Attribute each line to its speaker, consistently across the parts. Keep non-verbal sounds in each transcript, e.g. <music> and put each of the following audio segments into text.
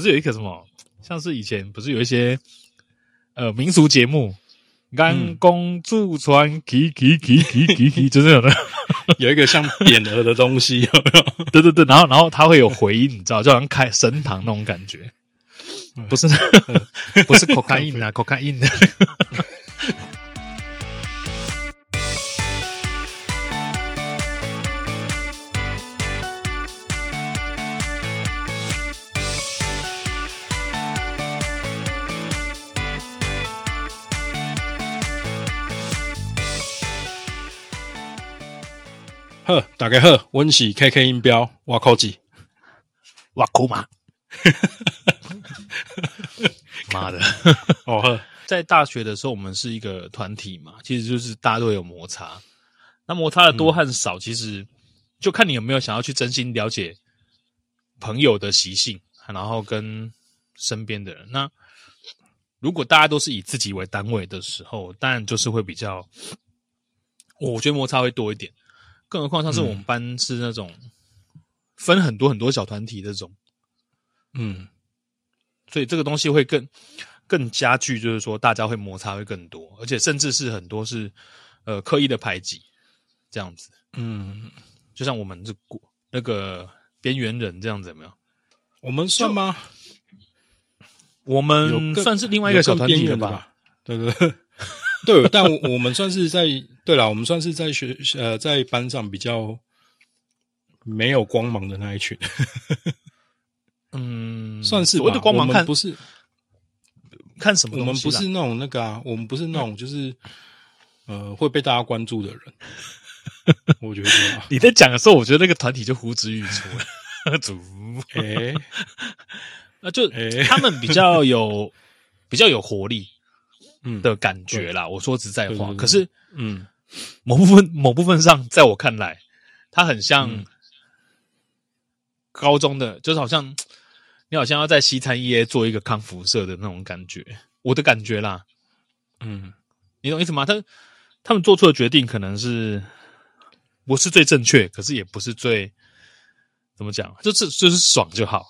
Speaker 1: 不是有一個什麼，像是以前不是有一些，呃，民俗節目，干工駐川，嘰嘰嘰嘰嘰，就是有的、那個、 <laughs> 有一個像匾額的東西， <laughs> 有有對對對，然後然後它會有回音， <laughs> 你知道，就好像開神堂那種感覺，不是、嗯、 <laughs> 不是 cocaine 啦 cocaine
Speaker 2: 呵，大家呵，溫喜 KK 音標，哇，酷機，哇，姑嘛，
Speaker 1: <laughs> 媽的，哦呵，在大學的時候，我們是一個團體嘛，其實就是大家都有摩擦，那摩擦的多和少，其實就看你有沒有想要去真心了解朋友的習性，然後跟身邊的人。那如果大家都是以自己為單位的時候，當然就是會比較，我覺得摩擦會多一點。更何況，像是我們班是那種分很多很多小團體這種，嗯，嗯，所以這個東西會更更加劇，就是說大家會摩擦會更多，而且甚至是很多是呃刻意的排擠這樣子，嗯，就像我們這個、那個邊緣人這樣子，有沒有？我們算嗎？我們個算是另外一個小團體吧，體的吧，
Speaker 2: 對對對，對， <laughs> 但我們算是在。對啦，我們算是在學呃，在班上比較沒有光芒的那一群，嗯，算是我們的光芒看不是看什麼東西，我們不是那種那個啊，我們不是那種就是呃會被大家關注的人。我覺得你在講
Speaker 1: 的時候，我覺得那個團體就呼之欲出了。哎，那就他們比較有比較有活力，嗯，的感覺啦。我說實在話，可是嗯。某部分某部分上，在我看來，他很像高中的，嗯、就是好像你好像要在西餐業、e、做一個抗輻射的那種感覺，我的感覺啦，嗯，你懂意思嗎？他他們做出的決定可能是不是最正確，可是也不是最怎麼講，就是就是爽就好，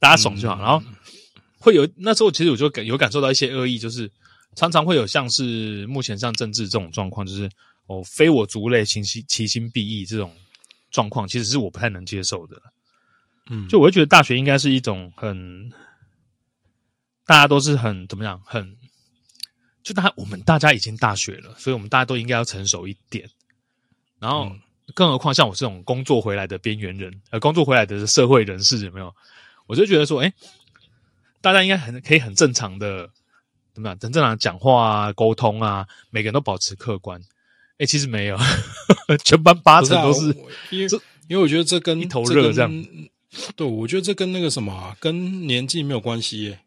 Speaker 1: 大 <laughs> 家爽就好。嗯、然後會有那時候，其實我就有感受到一些惡意，就是。常常會有像是目前像政治這種狀況，就是哦，非我族類其，其心其心必異這種狀況，其實是我不太能接受的。嗯，就我會覺得大學應該是一種很大家都是很怎麼樣，很就大家我們大家已經大學了，所以我們大家都應該要成熟一點。然後，更何況像我這種工作回來的邊緣人，呃，工作回來的社會人士有沒有？我就覺得說，哎，大家應該很可以很正常的。真正啊，講話啊，溝通啊，每個人都保持客觀。哎、欸，其實沒有呵呵，全班八成都是，是、
Speaker 2: 啊。因為，因為我覺得這跟一頭熱這樣。這對我覺得這跟那個什麼、啊，跟年紀沒有關係、欸。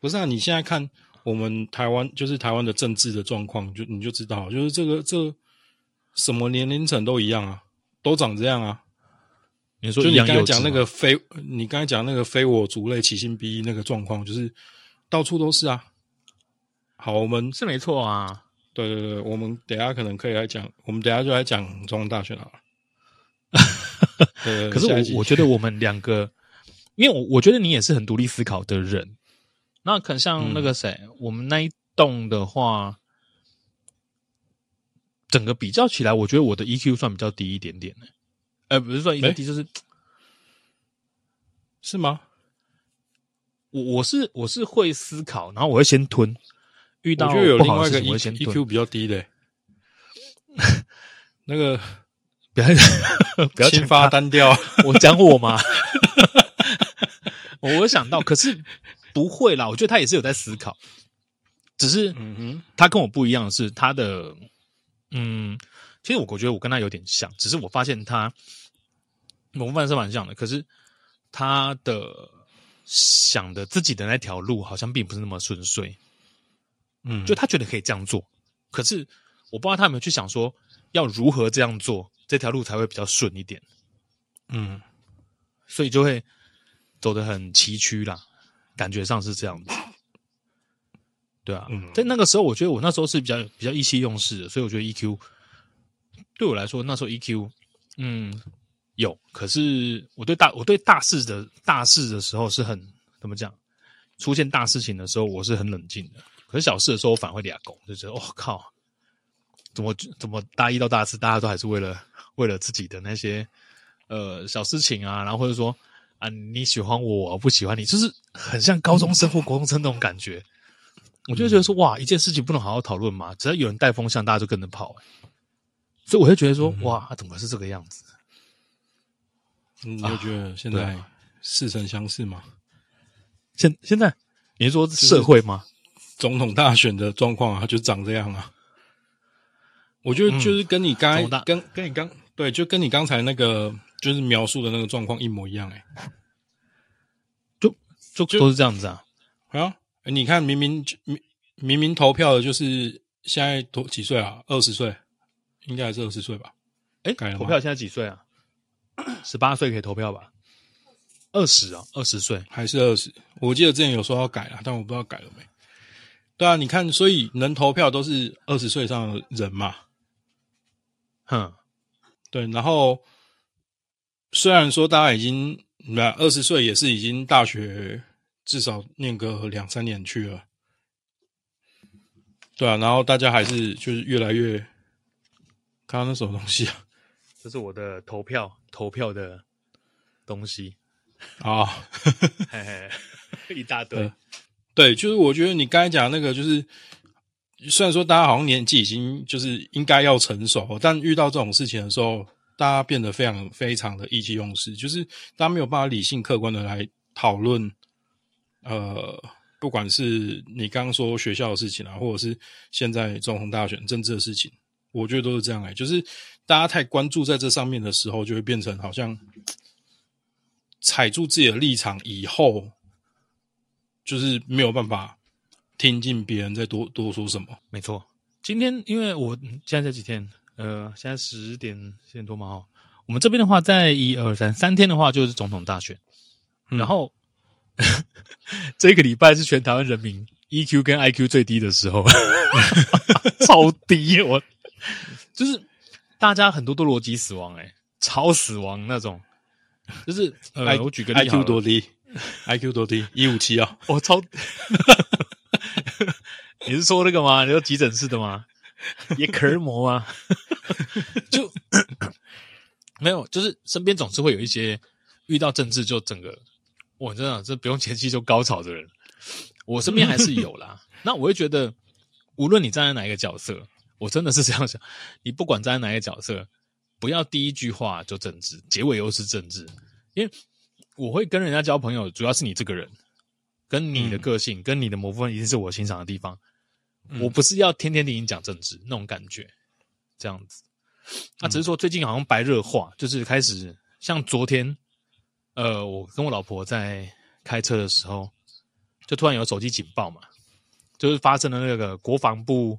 Speaker 2: 不是啊，你現在看我們台灣，就是台灣的政治的狀況，就你就知道，就是這個這個、什麼年齡層都一樣啊，都長這樣啊。你說
Speaker 1: 就你剛才講那
Speaker 2: 個非，你剛才講那個非我族類，其心必異那個狀況，就是到處都是啊。好，我們對對對是沒錯啊。對對對，我們等一下可能可以來講，我們等一下就來講中央大
Speaker 1: 選好了。可是我我覺得我們兩個，因為我我覺得你也是很獨立思考的人。那可能像那個誰，嗯、我們那一棟的話，整個比較起來，我覺得我的 EQ 算比較低一點點的、欸。呃，不是算 EQ 低就是、欸、是嗎？我我是我是會思考，然後我會先吞。遇到，因為有另外一個 EQ 比較低的，那個，不要不要先發單調。我講我嘛？ <laughs> 我有想到，可是不會啦。我覺得他也是有在思考，只是，嗯哼，他跟我不一樣的是，他的，嗯，其實我我覺得我跟他有點像，只是我發現他，模範是蠻像的，可是他的想的自己的那條路好像並不是那麼順遂。嗯，就他覺得可以這樣做，嗯、可是我不知道他有沒有去想說要如何這樣做，這條路才會比較順一點。嗯，所以就會走得很崎嶇啦，感覺上是這樣子。對啊，嗯、在那個時候，我覺得我那時候是比較比較意氣用事的，所以我覺得 EQ 對我來說，那時候 EQ，
Speaker 3: 嗯，
Speaker 1: 有，可是我對大我對大事的大事的時候是很怎麼講，出現大事情的時候，我是很冷靜的。可是小事的時候，我反而會倆公，就覺得我、哦、靠，怎麼怎麼大一到大四，大家都還是為了為了自己的那些呃小事情啊，然後或者說啊你喜歡我，我不喜歡你，就是很像高中生或國中生那種感覺。嗯、我就會覺得說哇，一件事情不能好好討論嘛，只要有人帶風向，大家就跟着跑、欸。所以我就覺得說嗯嗯哇，怎麼是這個樣子？你就、嗯啊、覺
Speaker 2: 得現在事成相似曾相
Speaker 1: 識嗎？現現在你是說社會嗎？就是就是總統大選的
Speaker 2: 狀況啊，就長這樣啊。我覺得就是跟你剛、嗯、跟跟你剛對，就跟你剛才那個就是描述的那個狀況一模一樣誒、欸。
Speaker 1: 就就都是
Speaker 2: 這樣子啊。好、啊欸，你看明明明明明投票的就是現在多幾歲啊？二十歲，應該還是二十歲吧？哎、欸，改了，投票現在幾歲啊？十八歲可以投票吧？
Speaker 1: 二十啊，
Speaker 2: 二十歲還是二十？我記得之前有說要改啊，但我不知道改了沒。對啊，你看，所以能投票都是二十歲以上的人嘛，
Speaker 3: 哼、嗯，
Speaker 2: 對。然後雖然說大家已經那二十歲也是已經大學至少念個兩三年去了，對啊。然後大家還是就是越來越看，看那什麼東西啊？
Speaker 1: 這是我的投票投票的東西啊、哦 <laughs> 嘿嘿，一大堆。呃
Speaker 2: 對，就是我覺得你剛才講那個，就是雖然說大家好像年紀已經就是應該要成熟，但遇到這種事情的時候，大家變得非常非常的意氣用事，就是大家沒有辦法理性客觀的來討論。呃，不管是你剛剛說學校的事情啊，或者是現在總統大選政治的事情，我覺得都是這樣哎、欸，就是大家太關注在這上面的時候，就會變成好像踩住自己的立場以後。就是沒有辦法聽進別人在多多
Speaker 1: 說什麼。沒錯，今天因為我現在這幾天，呃，現在十點十點多嘛，哦，我們這邊的話，在一二三三天的話，就是總統大選，嗯，然後呵呵這個禮拜是全台灣人民 EQ 跟 IQ 最低的時候，對 <laughs> 啊，超低，我就是大家很多都邏輯死亡、欸，誒，超死亡那種，就是呃，I, 我舉個例，IQ 多低？IQ 多低？一五七啊！我、oh, 超， <laughs> 你是說那個嗎？你說急診室的嗎？也殼膜嗎？ <laughs> 就，沒有，就是身邊總是會有一些遇到政治就整個，我真的這不用前期就高潮的人，我身邊還是有啦。 <laughs> 那我會覺得，無論你站在哪一個角色，我真的是這樣想，你不管站在哪一個角色，不要第一句話就政治，結尾又是政治，因為。我會跟人家交朋友，主要是你這個人，跟你的個性，嗯、跟你的模範，一定是我欣賞的地方。嗯、我不是要天天給你講政治那種感覺，這樣子。他、啊、只是說、嗯、最近好像白熱化，就是開始像昨天，呃，我跟我老婆在開車的時候，就突然有手機警報嘛，就是發生了那個國防部，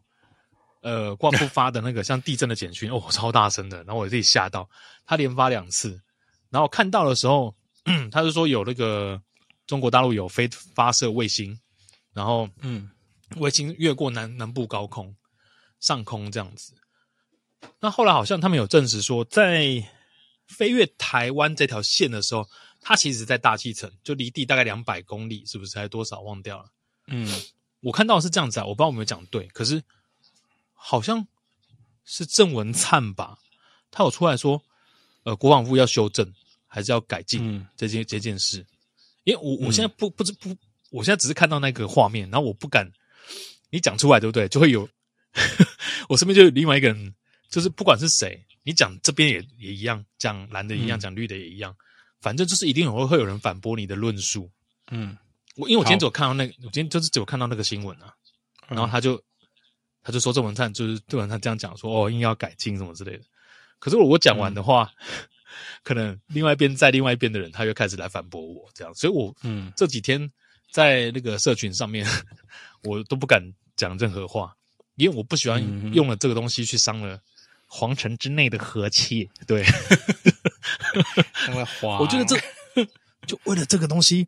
Speaker 1: 呃，國防部發的那個像地震的簡訊， <laughs> 哦，超大聲的，然後我自己嚇到，他連發兩次，然後看到的時候。 <coughs> 他是說有那個中國大陸有飛發射衛星，然後嗯，衛星越過南南部高空上空這樣子。那後來好像他們有證實說，在飛越台灣這條線的時候，它其實在大氣層，就離地大概兩百公里，是不是？還多少忘掉了？嗯，我看到的是這樣子啊，我不知道有沒有講對。可是好像是鄭文燦吧，他有出來說，呃，國防部要修正。還是要改進這件、嗯、這件事，因為我我現在不、嗯、不知不，我現在只是看到那個畫面，然後我不敢你講出來，對不對？就會有呵呵，我身邊就有另外一個人，就是不管是誰，你講這邊也也一樣，講藍的，一樣、嗯、講綠的也一樣，反正就是一定會會有人反駁你的論述。嗯，我因為我今天只有看到那個，好我今天就是只有看到那個新聞啊，然後他就、嗯、他就說鄭文燦就是鄭文燦這樣講說哦，應該要改進什麼之類的。可是我我講完的話。嗯可能另外一邊在另外一邊的人，他又開始來反駁我，這樣，所以我嗯這幾天在那個社群上面，嗯、我都不敢講任何話，因為我不喜歡用了這個東西去傷了皇城之內的和氣。對，因為花， <laughs> 我覺得這就為了這個東西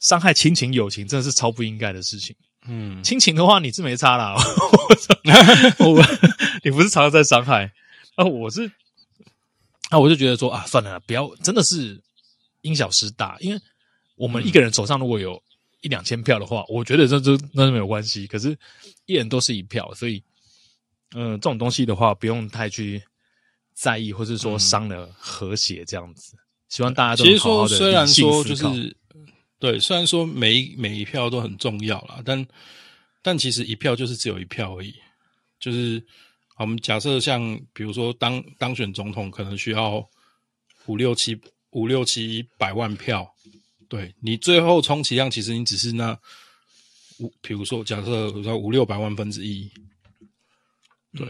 Speaker 1: 傷害親情友情，真的是超不應該的事情。嗯，親情的話你是沒差啦，我我 <laughs> 你不是常常在傷害啊？我是。那我就覺得說啊，算了，不要，真的是因小失大。因為我們一個人手上如果有，一兩千票的話，嗯、我覺得這這那是沒有關係。可是，一人都是一票，所以，嗯、呃，這種東西的話，不用太去在意，或是說傷了和諧這樣子。嗯、希望大家都好好的其實說雖然說就是
Speaker 2: 對，雖然說每一每一票都很重要啦，但但其實一票就是只有一票而已，就是。好，我們假設像比如說當，當當選總統可能需要五六七五六七百萬票，對，你最後充其量，其實你只是那五，譬如比如說假設五六百萬分之一，對，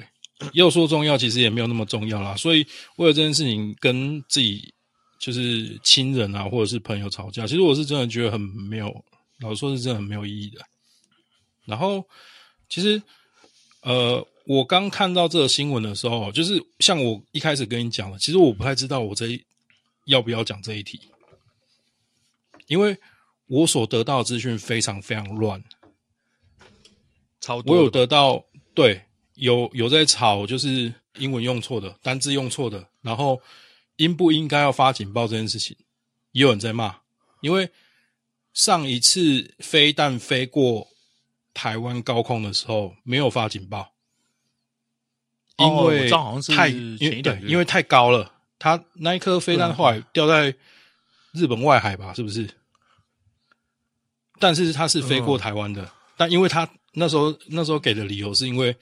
Speaker 2: 要、嗯、說重要，其實也沒有那麼重要啦。所以為了這件事情跟自己就是親人啊，或者是朋友吵架，其實我是真的覺得很沒有，老實說是真的很沒有意義的。然後其實呃。我剛看到這個新聞的時候，就是像我一開始跟你講的，其實我不太知道我這一要不要講這一題，因為我所得到的資訊非常非常亂，
Speaker 1: 超多，我有得
Speaker 2: 到對，有有在吵，就是英文用錯的，單字用錯的，然後應不應該要發警報這件事情，也有人在罵，因為上一次飛彈飛過台灣高空的時候沒有發警報。因為太、哦、是是因為對，因為太高了，它那一顆飛彈後來掉在日本外海吧？啊、是不是？但是它是飛過台灣的，嗯、但因為它那時候那時候給的理由是因為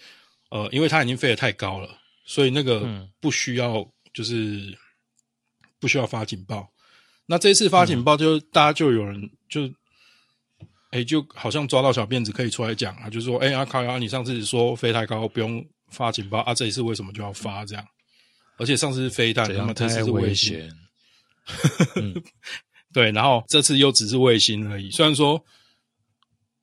Speaker 2: 呃，因為它已經飛得太高了，所以那個不需要、嗯、就是不需要發警報。
Speaker 1: 那這一次發警
Speaker 2: 報就，嗯、就大家就有人就哎、欸，就好像抓到小辮子可以出來講啊，就說哎阿、欸啊、卡亞，你上次說飛太高不用。發警報啊！這一次為什麼就要發這樣？而且上次是飛彈，然後這次是衛星。 <laughs> 嗯、對，然後這次又只是衛星而已。雖然說，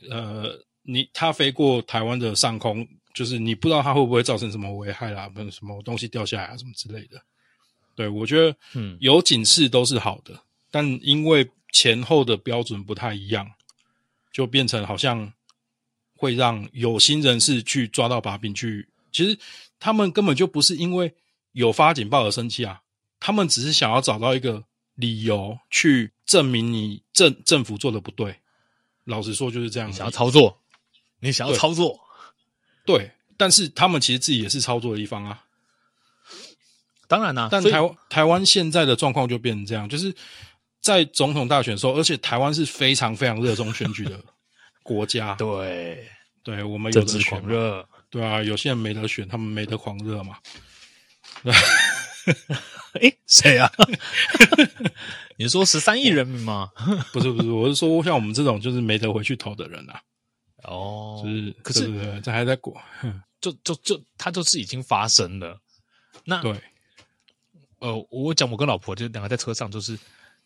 Speaker 2: 呃，你它飛過台灣的上空，就是你不知道它會不會造成什麼危害啦，或者什麼東西掉下來啊，什麼之類的。對，我覺得，嗯，有警示都是好的，嗯、但因為前後的標準不太一樣，就變成好像會讓有心人士去抓到把柄去。其實他們根本就不是因為有發警報而生氣啊，他們只是想要找到一個理由去證明你政政府做的不對。老實說就是這樣子，想要操作，你想要操作對，對，但是他們其實自己也是操作的一方啊。當然啦、啊，但台灣以台灣現在的狀況就變成這樣，就是在總統大選的時候，而且台灣是非常非常熱衷選舉的國家。 <laughs> 對，對，我們有的選熱。對啊，有些人沒得選，他們沒得狂熱嘛。哎、 <laughs> 欸，誰啊？ <laughs> 你說十三億人民嗎？不是不是，我是說像我們這種就是沒得回去投的人啊。哦，就是可是對對對這還在過，
Speaker 1: 就就就他就是已經發生了。那對，呃，我講我跟老婆就兩個在車上、就是，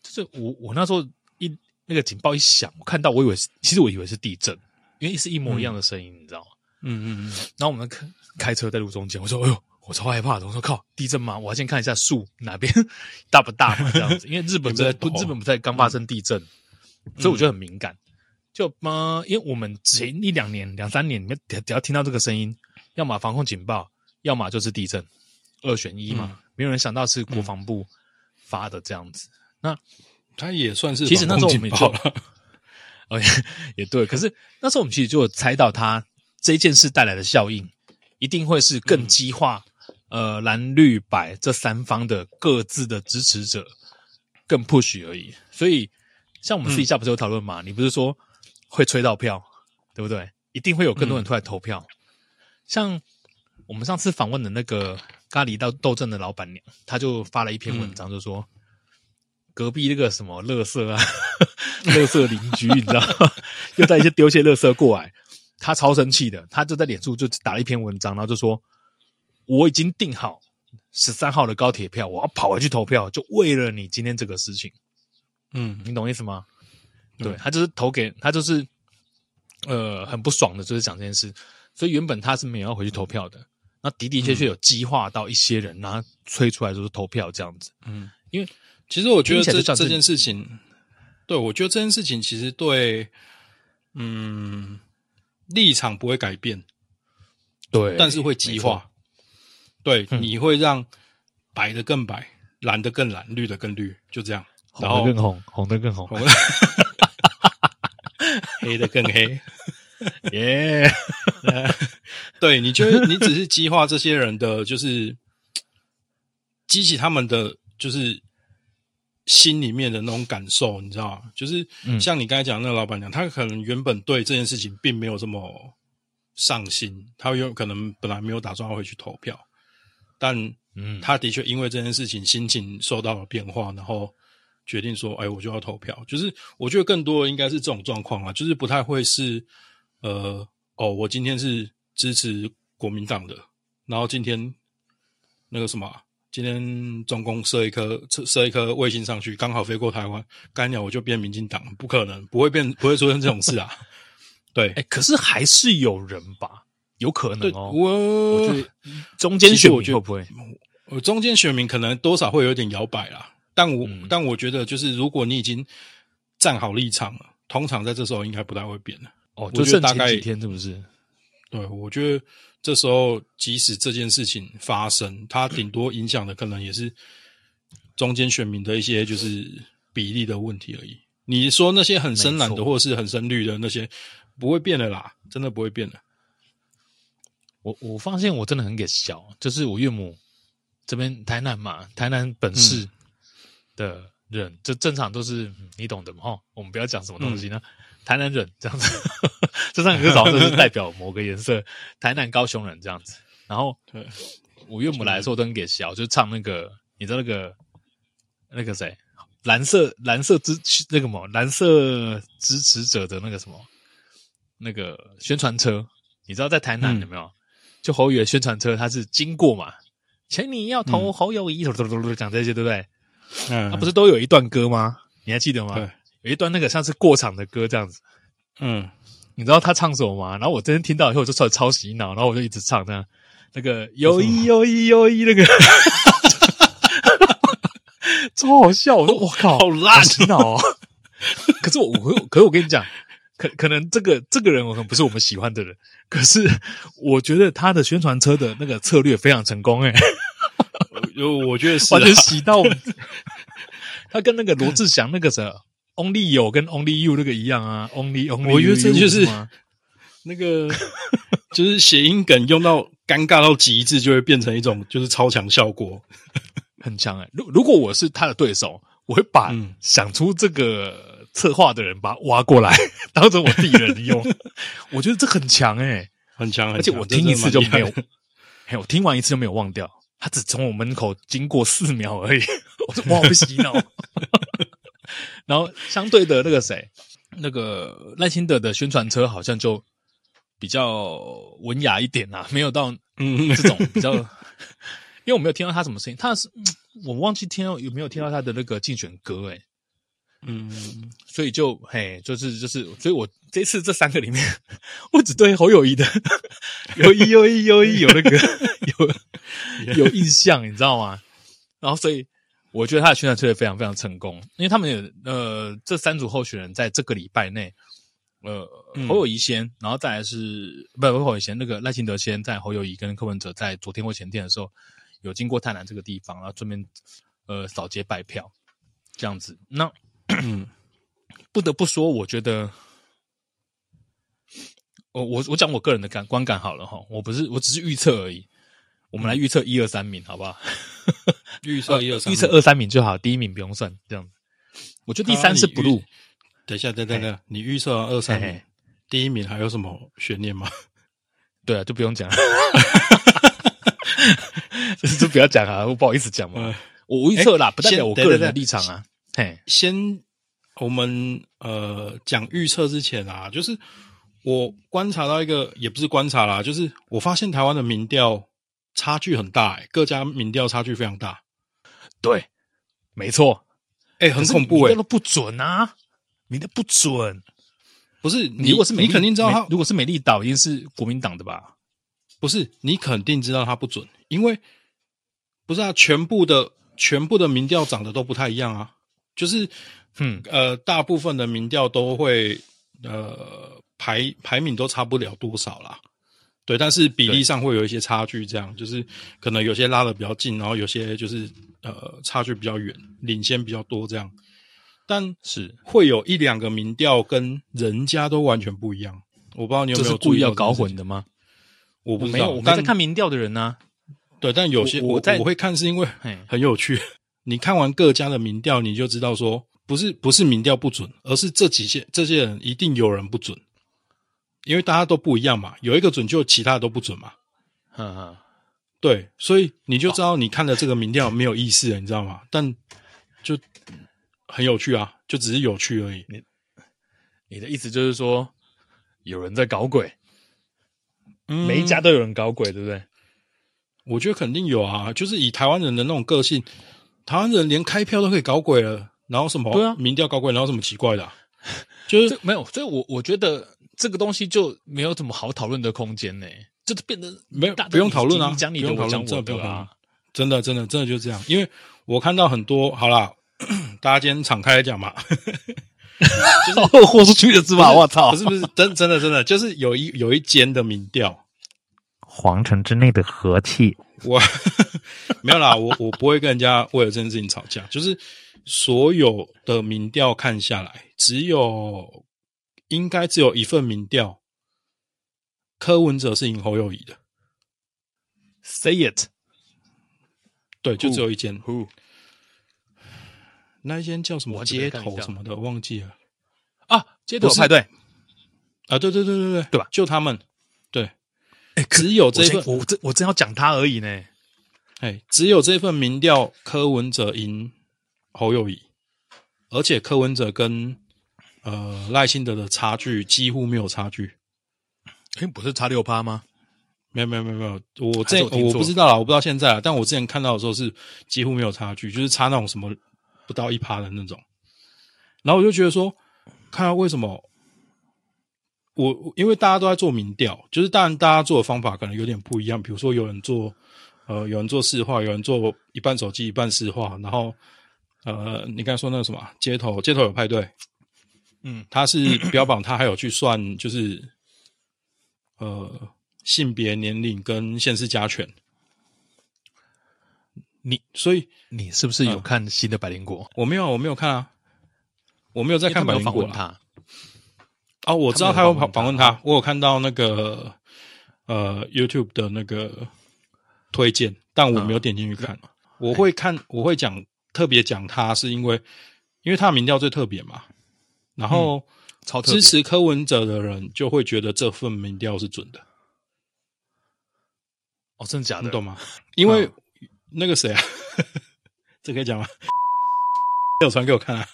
Speaker 1: 就是就是我我那時候一那個警報一響，我看到我以為是其實我以為是地震，因為是一模一樣的聲音，你知道嗎？嗯嗯嗯，然後我們開開車在路中間，我說：“哎呦，我超害怕的！”，我說：“靠，地震嗎？”我要先看一下樹哪邊大不大嘛，這樣子。因為日本在、 <laughs> 啊、日本不在剛發生地震，嗯、所以我就很敏感。嗯、就嘛、嗯，因為我們前一兩年、兩三年裡面，只要聽到這個聲音，要麼防空警報，要麼就是地震，二選一嘛。嗯、沒有人想到是國防部發的這樣子。嗯、
Speaker 2: 那他也算是其實那時候我們也就
Speaker 1: ，OK， <laughs> 也對。可是那時候我們其實就有猜到他。這件事帶來的效應，一定會是更激化，嗯、呃，藍綠白這三方的各自的支持者更 push 而已。所以，像我們私底下不是有討論嘛？嗯、你不是說會催到票，對不對？一定會有更多人出來投票。嗯、像我們上次訪問的那個咖喱道鬥陣的老闆娘，他就發了一篇文章就，就說、嗯、隔壁那個什麼垃圾啊， <laughs> 垃圾鄰居，你知道嗎， <laughs> 又帶一些丟些垃圾過來。他超生氣的，他就在臉書就打了一篇文章，然後就說：“我已經訂好十三號的高鐵票，我要跑回去投票，就為了你今天這個事情。”嗯，你懂意思嗎？嗯，對，他就是投給他就是，呃，很不爽的，就是講這件事。所以原本他是沒有要回去投票的，嗯，那的的確確有激化到一些人，然後催出來就是投票這樣子。嗯，因為其實我覺得這這件事情，對我覺得這件事情其
Speaker 2: 實對，嗯。立場不會改變，
Speaker 1: 對，但是
Speaker 2: 會激化，錯對，哼你會讓白的更白，藍的更藍，綠的更綠，就這樣，然後紅的更紅，
Speaker 1: 紅的更紅，紅
Speaker 2: 的 <laughs> 黑的更黑，耶，對，你就是你只是激化這些人的，就是激起他們的，就是。心裡面的那種感受，你知道嗎？就是像你剛才講那個老闆娘，她、嗯、可能原本對這件事情並沒有這麼上心，她有可能本來沒有打算要回去投票，但嗯，她的確因為這件事情心情受到了變化，然後決定說：“哎，我就要投票。”就是我覺得更多的應該是這種狀況啊，就是不太會是呃，哦，我今天是支持國民黨的，然後今天那個什麼？今天中共射一顆射一顆衛星上去，剛好飛過台灣，幹，了我就變民進黨，不可能，不會變，不會出現這種事啊。 <laughs> 對、欸，可是還是有人吧，有可能哦。我中間選民會不會？中間選民可能多少會有點搖擺啦，但我、嗯、但我覺得就是如果你已經站好立場了，通常在這時候應該不太會變了。哦，就剩幾
Speaker 1: 天是不是？
Speaker 2: 對，我覺得。這時候，即使這件事情發生，它頂多影響的可能也是中間選民的一些就是比例的問題而已。你說那些很深
Speaker 1: 藍的，或者是很深綠的那些，沒錯。不會變的啦，真的不會變的。我我發現我真的很給小，就是我岳母這邊台南嘛，台南本市的人，嗯、就正常都是你懂的嘛哈。我們不要講什麼東西呢。嗯台南人這樣子， <laughs> 這三個字好像都是代表某個顏色。台南高雄人這樣子，然後我岳母來的時候都給笑，就唱那個，你知道那個那個誰，藍色藍色支持那個什麼藍色支持者的那個什麼那個宣傳車，你知道在台南有沒有？就侯友宜宣傳車，他是經過嘛，請你要投侯友宜，都都都講這些對不對？嗯，他不是都有一段歌嗎？你還記得嗎、嗯？對有一段那個像是過場的歌這樣子，嗯，你知道他唱什麼嗎？然後我今天聽到以後，我就超超洗腦，然後我就一直唱這樣那個，優咦優咦優咦那個， <laughs> 超好笑！我說我靠，好，好，喔，好洗腦啊，喔！ <laughs> 可是我我可我跟你講，可可能這個這個人我可能不是我們喜歡的人，可是我覺得他的宣傳車的那個策略非常成功誒、欸、
Speaker 2: 因我，我覺得是，啊，完全洗到
Speaker 1: <laughs> 他跟那個羅志祥那個時候。Only you 跟 Only you 那個一樣啊，Only Only you，哦。我覺得這就是
Speaker 2: 那個，就是諧音梗用到尷尬到極致，就會變成一種就是超強效果很，欸，很強哎。
Speaker 1: 如如果我是他的對手，我會把想出這個策劃的人把他挖過來，嗯，當成我自己人用。 <laughs> 我覺得這很強哎，欸，很強，而且我聽一次就沒有，沒有聽完一次就沒有忘掉。他只從我門口經過四秒而已，我說哇，我被洗腦。 <laughs> <laughs> 然後，相對的那個誰，那個賴清德的宣傳車好像就比較文雅一點啊，沒有到嗯這種比較，嗯、 <laughs> 因為我沒有聽到他什麼聲音，他是我忘記聽到有沒有聽到他的那個競選歌誒。嗯，所以就嘿，就是就是，所以我這次這三個裡面，我只對侯友宜的友宜友宜友宜有那個有有印象，你知道嗎？然後所以。我覺得他的宣傳策略非常非常成功，因為他們有呃，這三組候選人在這個禮拜內，呃，侯友宜先，嗯、然後再來是不不侯友宜先，那個賴清德先，再侯友宜跟柯文哲在昨天或前天的時候有經過台南這個地方，然後順便呃掃街拜票，這樣子。那咳咳不得不說，我覺得，哦、我我我講我個人的感觀感好了哈，我不是我只是預測而已。我們來預測一二三名，好不好？預測一二三名，預測二三名最好，第一名不用算。這樣子，我覺得第三是 blue。等一下，等一下，你預測二三名，第一名還有什麼懸念嗎？對啊，就不用講，就是就不要講啊，不好意思講嘛。我預測啦，不代表我個人的立場啊。嘿，
Speaker 2: 先我們呃講預測之前啊，就是我觀察到一個，也不是觀察啦，就是我發現台灣的民調。差距很大哎、欸，各家民調差距非常大。
Speaker 1: 對，沒錯，哎、欸，很恐怖哎、欸，民調都不準啊！民調不準，不是米你是？如果是你肯定知道他，如果是美麗島，應該是國民黨的吧？
Speaker 2: 不是，你肯定知道它不準，因為不是啊，全部的全部的民調長得都不太一樣啊。就是，嗯呃，大部分的民調都會呃排排名都差不了多少啦。對，但是比例上會有一些差距，這樣對就是可能有些拉得比較近，然後有些就是呃差距比較遠，領先比較多這樣。但是會有一兩個民調跟人家都完全不一樣，我不知道你有沒有注意到搞混的嗎？我不知道，我，我在看
Speaker 1: 民調的人呢、啊。對，但有些我，我在我，我會
Speaker 2: 看，是因為很有趣。嘿 <laughs> 你看完各家的民調，你就知道說不是不是民調不準，而是這幾些這些人一定有人不準。因為大家都不一樣嘛，有一個準，就其他的都不準嘛。嗯嗯呵，對，所以你就知道你看的這個民調沒有意思了，哦、 <laughs> 你知道嗎？
Speaker 1: 但就很有趣啊，就只是有趣而已。你你的意思就是說有人在搞鬼？嗯，每一家都有人
Speaker 2: 搞鬼，對不對？我覺得肯定有啊，就是以台灣人的那種個性，台灣人連開票都可以搞鬼了，然後什麼對啊，民調搞鬼，然後什麼奇怪的、啊，啊、就是
Speaker 1: <laughs> 沒有。所以我我覺得。這個東西就沒有什麼好討論的空間呢，就變得大沒有不用討論啊，講你的不我講我的啊，真的真的真的就這樣，因為我看
Speaker 2: 到很多，好啦， <coughs> 大家今天敞開來講嘛， <laughs> 就是豁出 <laughs>
Speaker 1: 去了是吧？我操，是不是
Speaker 2: 真真的真的，真的就是有一有一間的民調，
Speaker 1: 皇城之內的和氣，
Speaker 2: 我 <laughs> 沒有啦，我我不會跟人家為了這件事情吵架，就是所有的民調看下來，只有。應該只有一份民調，柯文哲是贏侯友宜的。Say it，對，就只有一間，Who? 那間叫什麼街頭什麼的，忘記了
Speaker 1: 啊，街頭是派對
Speaker 2: 啊，對對對對對對，對吧？就他們對，只有這份，我，我
Speaker 1: 這我正要講他而已呢。
Speaker 2: 哎，只有這份民調，柯文哲贏侯友宜，而且柯文哲跟。呃，賴清德的差距幾乎沒有差距，
Speaker 1: 欸、不是差六趴嗎？
Speaker 2: 沒有沒有沒有沒有，
Speaker 1: 我這我不知道
Speaker 2: 啦，我不知道現在啦，但我之前看到的時候是幾乎沒有差距，就是差那種什麼不到一趴的那種。然後我就覺得說，看到為什麼我因為大家都在做民調，就是當然大家做的方法可能有點不一樣，比如說有人做呃有人做市話，有人做一半手機一半市話，然後呃你剛才說那個什麼街頭街頭有派對。嗯，他是標榜，他還有去算，就是呃性別、年齡跟縣市加權。你所以你是不是有看新的百靈果？我沒有，我沒有看啊，我沒有在看百靈果。他哦，我知道他有訪訪問他，我有看到那個呃 YouTube 的那個推薦，但我沒有點進去看。我會看，我會講特別講他，是因為因為他的民調最特別嘛。然後、嗯，支持柯文哲的人就會覺得這份民調是準的。哦，真的假的？你懂嗎？因為對那個誰啊， <laughs> 這可以講
Speaker 1: 嗎？ <laughs> 有傳給我看啊？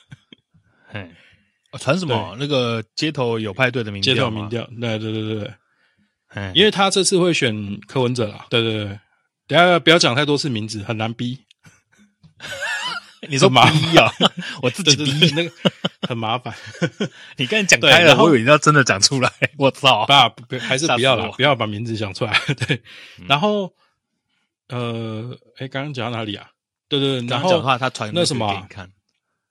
Speaker 2: 哦、傳什麼？對那個街頭有派對的民調？街頭民調？對對對對嘿因為他這次會選柯文哲啦。對對對，等下不要講太多次名字，很難逼。你說麻衣啊， <laughs> 我自己第一 <laughs> 那個很麻煩。 <laughs> 你剛才講開了，對我以為要真的講出來。我操，爸不，還是不要啦，不要把名字講出來。對，然後呃，哎、欸，剛剛講到哪裡啊？對對對，然後剛剛的話他傳那，那什麼？你看，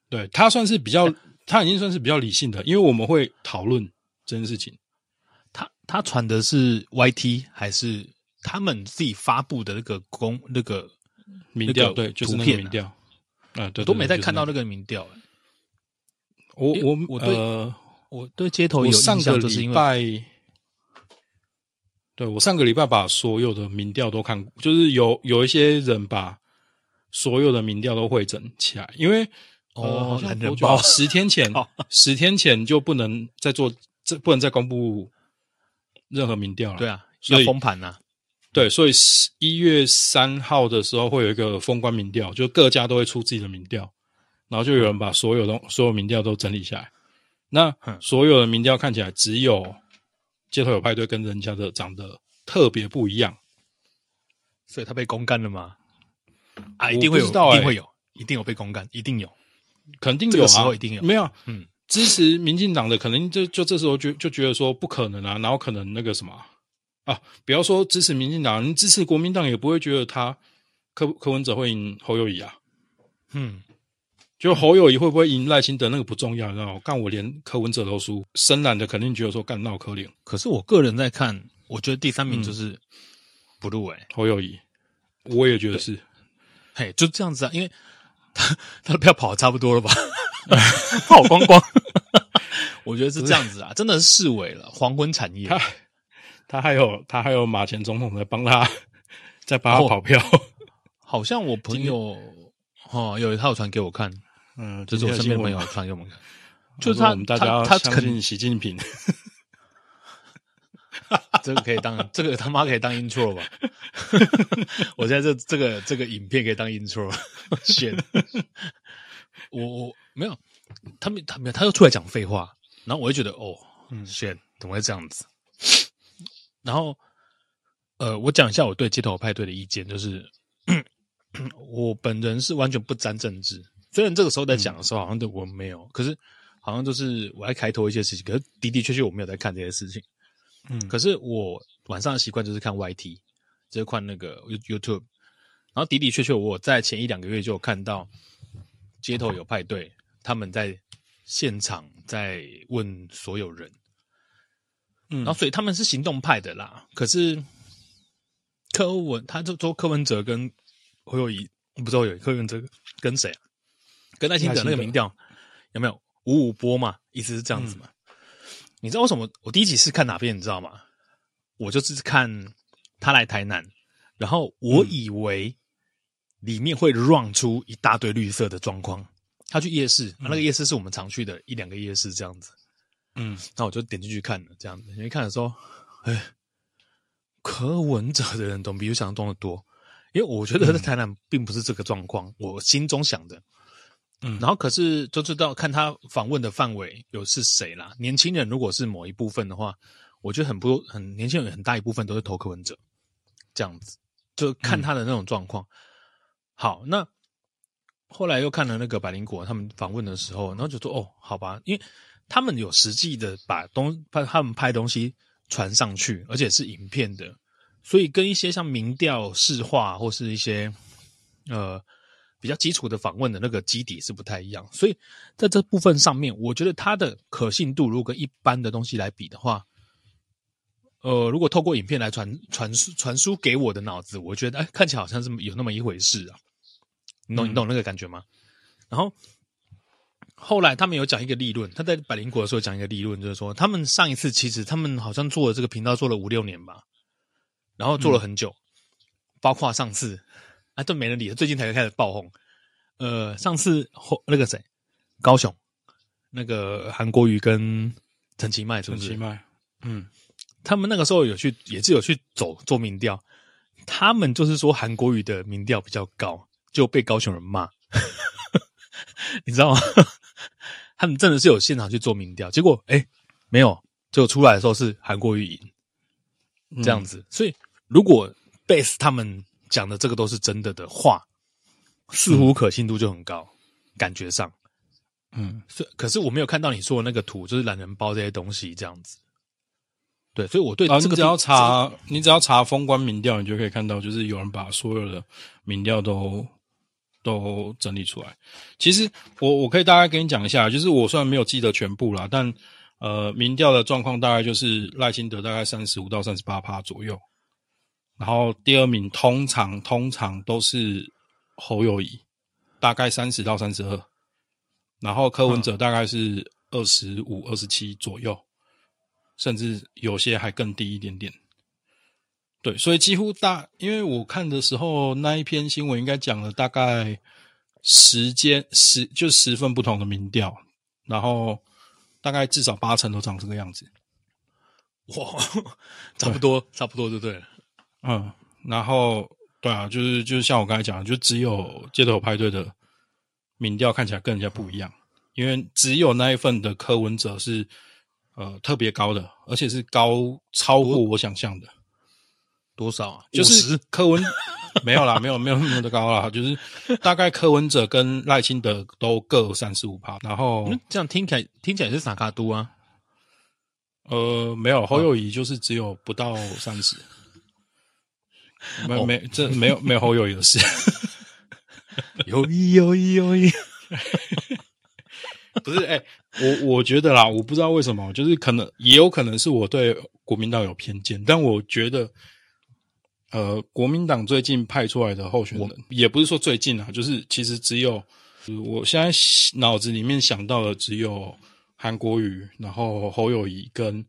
Speaker 2: 對，他算是比較，他已經算是比較理性的，因為我們會
Speaker 1: 討論這件事情。他他傳的是 YT 還是他們自己發布的那個公那個民調、啊？對，就是那個民調。嗯，啊、對對對，都沒再看到那個民調，欸，那個欸、我我我對、呃，我對街頭有上個禮拜。
Speaker 2: 對，我上個禮拜把所有的民調都看過，就是有有一些人把所有的民調都彙整起來，因為哦，十、呃、天前，十 <laughs> 好天前就不能再做，這不能再公布任何民調了。對啊，以要封盤啊。對，所以一月三號的時候會有一個封關民調，就各家都會出自己的民調，然後就有人把所有的所有民調都整理下來。那、嗯、所有的民調看起來，只有街頭有派對跟人家的長得特別不一樣，
Speaker 1: 所以他被公幹了嗎？啊，一定會有，不知道欸、一定會有，一定有被公幹，一定有，肯定有啊，一定有。沒有，嗯，支持民進黨的可能
Speaker 2: 就就這時候就就覺得說不可能啊，然後可能那個什麼。啊，不要說支持民進黨，你支持國民黨也不會覺得他柯柯文哲會贏侯友宜啊。嗯，就侯友宜會不會贏賴清德那個不重要，然後幹我連柯文哲都輸，深藍的肯定覺得說幹鬧柯林。可是我個人在看，我覺得第三名就是
Speaker 1: 不入哎、欸嗯、侯友宜，我也覺得是。嘿，就這樣子啊，因為他他的票跑的差不多了吧，跑光光。我覺得是這樣子啊，是真的是式微了黃昏產業。他還有他還有馬前總統在幫他，在幫他跑票。哦。好像我朋友天哦有一套傳給我看，嗯，這是我身邊朋友傳給我，我們看。就是他我們大家要相信習近平。 <laughs> 這個可以當這個他媽可以當 intro 吧？ <laughs> 我現在這這個這個影片，可以當 intro，炫。我 <laughs> 我沒有，他沒他沒有，他又出來講廢話，然後我就覺得哦，炫、嗯、怎麼會這樣子？然後，呃，我講一下我對街頭派對的意見，就是、嗯、 <coughs> 我本人是完全不沾政治。雖然這個時候在講的時候，好像我我沒有，嗯、可是好像就是我在開拓一些事情。可是的的確確我沒有在看這些事情。嗯，可是我晚上的習慣就是看 YT 就是看那個 YouTube。然後的的確確，我在前一兩個月就有看到街頭有派對，他們在現場在問所有人。嗯，然後所以他們是行動派的啦。可是柯文他就說，柯文哲跟侯友宜，我不知道侯友宜、柯文哲跟誰啊？跟賴清德那個民調、嗯、有沒有五五波嘛？意思是這樣子嘛？嗯、你知道為什麼？我第一集是看哪邊？你知道嗎？我就是看他來台南，然後我以為裡面會讓出一大堆綠色的狀況。他去夜市，那個夜市是我們常去的一兩個夜市這樣子。嗯，那我就點進去看了，這樣子，因為看的時候，哎，柯文哲的人總比我想像中的多，因為我覺得在台南並不是這個狀況，嗯、我心中想的，嗯，然後可是就知道看他訪問的範圍有是誰啦，年輕人如果是某一部分的話，我覺得很不很年輕人很大一部分都是投柯文哲，這樣子，就看他的那種狀況。嗯、好，那後來又看了那個百靈果他們訪問的時候，嗯、然後就說哦，好吧，因為。他們有實際的把東西，他們拍東西傳上去，而且是影片的，所以跟一些像民調、市話或是一些呃比較基礎的訪問的那個基底是不太一樣。所以在這部分上面，我覺得它的可信度如果跟一般的東西來比的話，呃，如果透過影片來傳傳輸傳輸給我的腦子，我覺得哎，看起來好像是有那麼一回事啊。你懂你懂那個感覺嗎？嗯、然後。後來他們有講一個理論，他在百靈果的時候講一個理論，就是說他們上一次其實他們好像做了這個頻道做了五六年吧，然後做了很久，嗯、包括上次啊、哎、都沒人理，最近才開始爆紅。呃，上次後那個誰，高雄那個韓國瑜跟陳其邁是不是？陳其邁，嗯，他們那個時候有去也是有去走做民調，他們就是說韓國瑜的民調比較高，就被高雄人罵， <laughs> 你知道嗎？他們真的是有現場去做民調，結果誒、欸，沒有，就出來的時候是韓國瑜贏這樣子。嗯、所以如果 base 他們講的這個都是真的的話，是似乎可信度就很高，感覺上，嗯，是。可是我沒有看到你說的那個圖，就是懶人包這些東西這樣子。對，所以我對這個、啊、只要查，這個、你只要查封關民
Speaker 2: 調，你就可以看到，就是有人把所有的民調都。都整理出來。其實我我可以大概跟你講一下，就是我雖然沒有記得全部啦，但呃，民調的狀況大概就是賴清德大概三十五到三十八趴左右，然後第二名通常通常都是侯友宜，大概三十到三十二，然後柯文哲大概是二十五二十七左右，甚至有些還更低一點點。對，所以幾乎大，因為我看的時候那一篇新聞應該講了大概時間十就十份不同的民調，然後大概至少八成都長這個樣子。
Speaker 1: 哇，差不多，對差不多就對了，對對，
Speaker 2: 嗯，然後對啊，就是就是像我剛才講的，就只有街頭派對的民調看起來跟人家不一樣，嗯、因為只有那一份的柯文哲是呃特別高的，而且是高超乎我想象的。多少、啊？50? 就是柯文沒有啦，沒有沒有那麼的高了， <laughs> 就是大概柯文哲跟賴清德都各三十五趴，然後、嗯、這樣聽起來聽起來是撒卡都啊？呃，沒有侯友宜就是只有不到三十，、啊，沒沒這沒有沒有侯友宜的事， <laughs>
Speaker 1: 有，意有，意有意，一有，一有
Speaker 2: 一不是哎、欸，我我覺得啦，我不知道為什麼，就是可能也有可能是我對國民黨有偏見，但我覺得。呃，國民黨最近派出來的候選人，也不是說最近啊，就是其實只有我現在腦子裡面想到的只有韓國瑜，然後侯友宜跟，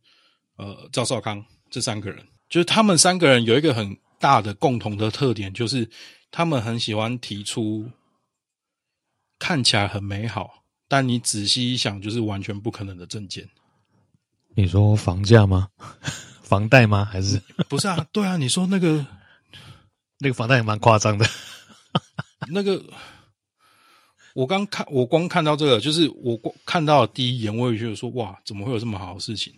Speaker 2: 呃，趙少康這三個人，就是他們三個人有一個很大的共同的特點，就是他們很喜歡提出看起來很美好，但你仔細一想就是完全不可能的政見。
Speaker 1: 你說房價嗎？ <laughs> 房貸嗎？還是 <laughs> 不是啊？對啊，你說那個那個房貸也蠻誇張的。 <laughs> 那個
Speaker 2: 我剛看，我光看到這個，就是我光看到的第一眼，我也覺得說哇，怎麼會有這麼好的事情？